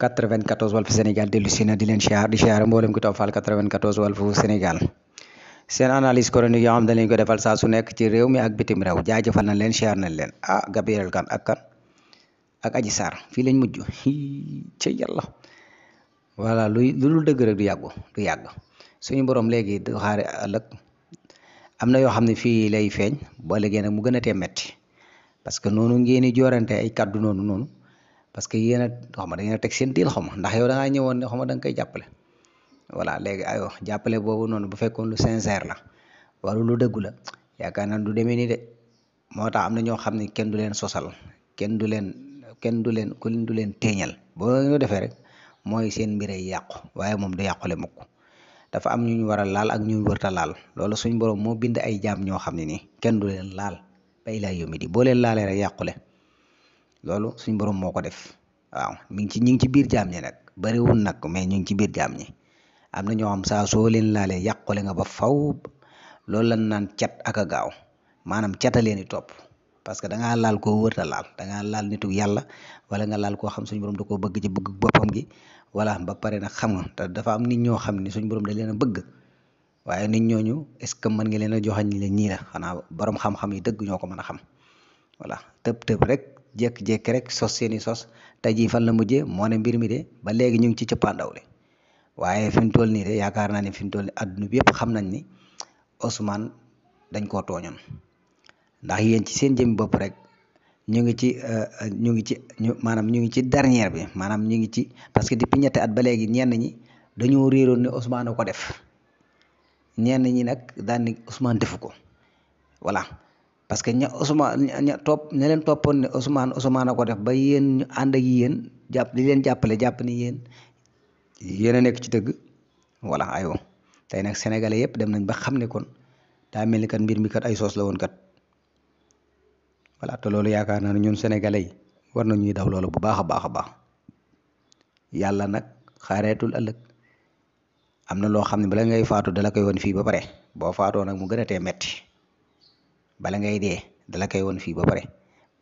94 Walf Sénégal dellu si na di leen siyaar di siyaar mboolem ku toppal 94 Walf Sénégal seen analyse xam dañ leen ko defal saa su nekk ci réew mi ak bitim réew jaajëfal nañ leen siyaar nañ leen ah Gabriel Kane ak kan ak Adji Sarr fii lañ mujj ci yàlla voilà luy lu dëgg rek du yàggu du yàgg suñu borom léegi du xaar ëllëg am na yoo xam ne fii lay feeñ ba léegi nag mu gën a tee metti parce que noonu ngeen di joorante ay kàddu noonu noonu. parce que yéen a xaw ma da ngeen a teg seen diil xaw ndax yow da ngaa ñëwoon ne xaw ma da nga koy jàppale voilà léegi ayo jàppale boobu noonu bu fekkoon lu sincère la wala lu dëggu la yaakaar naa du demee nii de moo tax am na ñoo xam ni kenn du leen sosal kenn du leen kenn du leen kenn du leen téeñal boo defee rek mooy seen mbir ay yàqu waaye moom du yàqule mukk dafa am ñu ñu war a laal ak ñu ñu laal loolu suñ borom moo bind ay jaam ñoo xam ne nii kenn du leen laal bay laa yombi di boo leen laalee rek yàqule. loolu suñ borom moo ko def waaw mi ngi ci ñi ci biir jaam ñi nag bariwul nag mais ñu ngi ci biir jaam ñi am na ñoo xam saa soo leen laalee yàqule nga ba faw loolu lan naan cat ak gaaw maanaam cata leen di topp parce que da ngaa laal koo wërta laal da ngaa laal nitu yàlla wala nga laal koo xam suñu borom da koo bëgg ci bëgg boppam gi wala ba pare nag xam nga te dafa nit ñoo xam ne suñu borom da leen a bëgg waaye nit ñooñu est ce que mën nga leen a joxañ leen ñii xanaa borom xam-xam yi dëgg ñoo ko mën a xam voilà tëb tëb rek jékki-jékki rek sos seeni sos tey jii fan la mujjee moo mbir mi de ba léegi ñu ngi ci cëppaandaw li waaye fi mu toll nii de yaakaar naa ne fi mu toll nii yëpp xam nañ ni Ousmane dañ koo tooñoon ndax yéen ci seen jëm bopp rek ñu ngi ci euh, euh, ñu ngi ci ñu maanaam ñu ngi ci dernière bi maanaam ñu ngi ci parce que di depuis ñetti at ba léegi ñenn ñi dañoo réeroon ne Ousmane ko def ñenn ñi nag daan ni Ousmane defu ko voilà. parce que ña Ousmane ña topp ña leen toppoon ne Ousmane Ousmane a ko def ba yéen ñu ànd ak yéen jàpp di leen jàppale jàpp ni yéen yéen a nekk ci dëgg voilà aywa tey nag sénégalais yëpp dem nañ ba xam ne kon daa mel ni kat mbir mi kat ay soos la woon kat voilà te loolu yaakaar naa ne ñun sénégalais yi war na ñuy daw loolu bu baax a baax a baax yàlla nag xaareetul ëllëg am na loo xam ne bala ngay faatu dala koy woon fii ba pare boo faatoo nag mu gën a tee metti bala ngay dee dala koy woon fii ba pare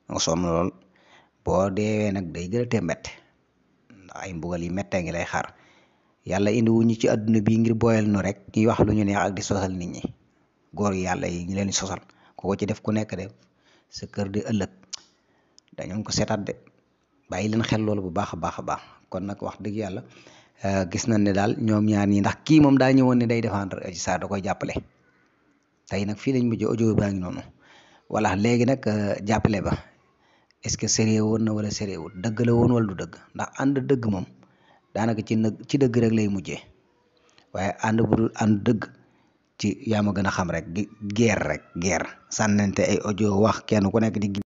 nga sonn lool boo deewee nag day gën a tembet ndax ay mbugal yi méttee ngi lay xaar yàlla indi wuñu ci àdduna bi ngir booyal nu rek ñuy wax lu ñu neex ak di sosal nit ñi góor yàlla yi ñu leen sosal ku ko ci def ku nekk de sa kër di ëllëg dañu ko seetaat de bàyyi leen xel loolu bu baax a baax a baax kon nag wax dëgg yàlla gis nañ ne daal ñoom ñaar ñi ndax kii moom daa ñëwoon ne day défendre Adji Sarr da koy jàppale tey nag fii lañ mujj audio baa ngi noonu voilà léegi nag euh, jàppale ba est-ce que sérieux woon na wala sérieux wut dëgg la woon wala du dëgg ndax ànd dëgg moom daanaka ci nag ci dëgg rek lay mujjee waaye ànd bu dul ànd dëgg ci yaa ma gën a xam rek di guerre rek guerre sànnante ay ojo wax kenn ku nekk di.